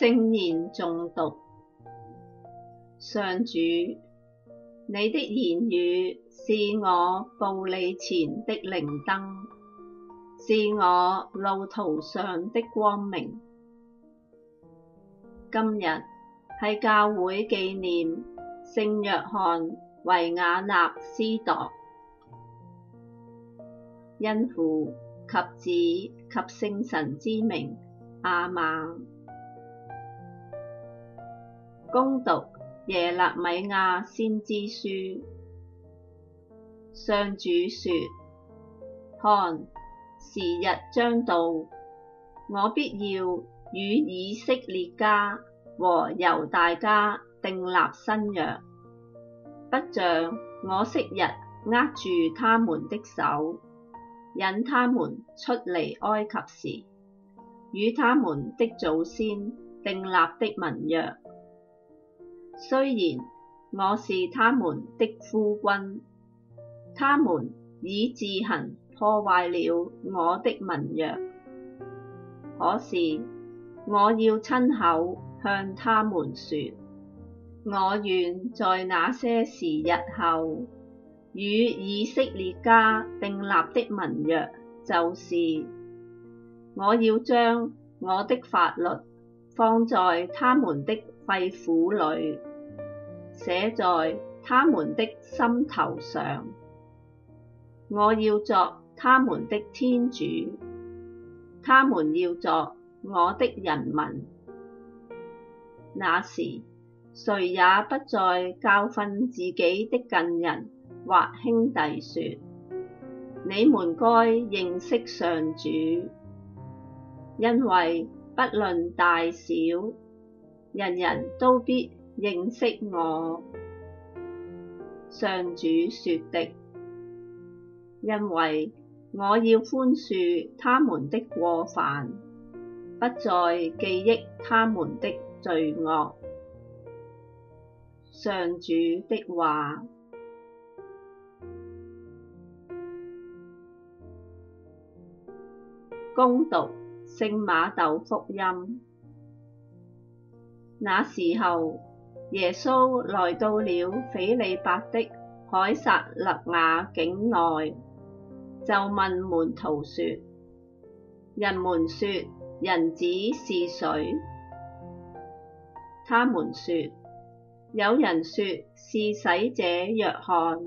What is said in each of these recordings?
聖言誦讀，上主，你的言語是我步履前的靈燈，是我路途上的光明。今日喺教會紀念聖若翰維雅納司鐸因父及子及聖神之名阿瑪，恭讀耶肋米亞先知書，上主説：看，時日將到，我必要。與以色列家和猶大家訂立新約，不像我昔日握住他們的手，引他們出離埃及時，與他們的祖先訂立的盟約。雖然我是他們的夫君，他們已自行破壞了我的盟約，可是。我要親口向他們説：我願在那些時日後，與以色列家訂立的盟約，就是我要將我的法律放在他們的肺腑裏，寫在他們的心頭上。我要作他們的天主，他們要作。我的人民，那時誰也不再教訓自己的近人或兄弟，說：你們該認識上主，因為不論大小，人人都必認識我。上主說的，因為我要寬恕他們的過犯。不再記憶他們的罪惡。上主的話。恭讀《聖瑪竇福音》。那時候，耶穌來到了斐理伯的凱撒勒雅境內，就問門徒說：「人們說。人子是誰？他們說，有人說是洗者若翰，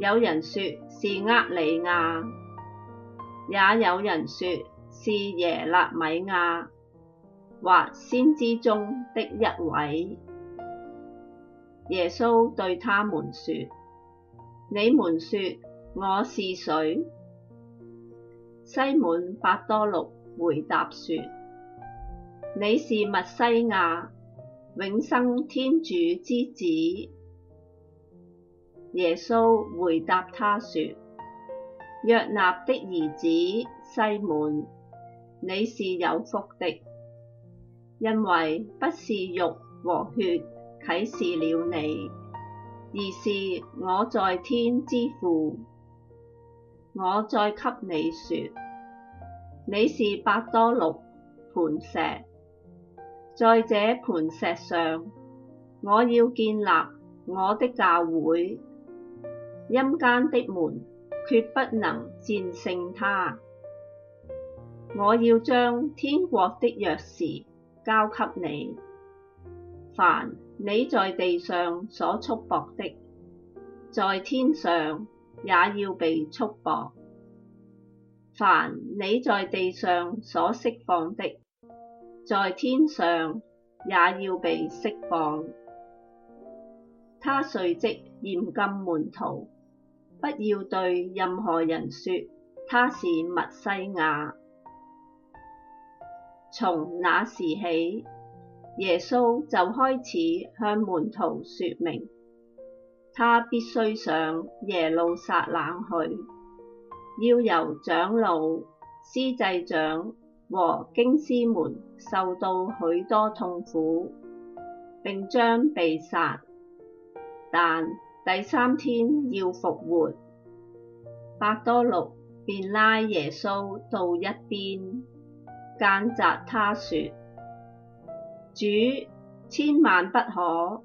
有人說是厄里亞，也有人說是耶肋米亞或先知中的一位。耶穌對他們說：你們說我是誰？西滿伯多祿。回答說：你是默西亞，永生天主之子。耶穌回答他說：約納的兒子西滿，你是有福的，因為不是肉和血啟示了你，而是我在天之父。我再給你說。你是伯多祿磐石，在這磐石上，我要建立我的教會。陰間的門決不能戰勝她。我要將天國的鑰匙交給你，凡你在地上所束縛的，在天上也要被束縛。凡你在地上所釋放的，在天上也要被釋放。他遂即嚴禁門徒，不要對任何人說他是默西亞。從那時起，耶穌就開始向門徒説明，他必須上耶路撒冷去。要由長老、司祭長和經師們受到許多痛苦，並將被殺，但第三天要復活。伯多祿便拉耶穌到一邊，諫責他說：主千萬不可，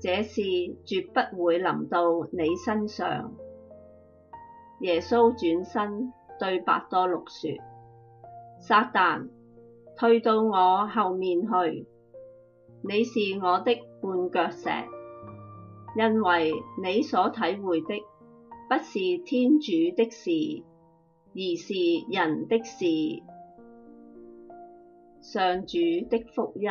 這事絕不會臨到你身上。耶穌轉身對伯多祿説：撒殫，退到我後面去！你是我的絆腳石，因為你所體會的，不是天主的事，而是人的事。上主的福音。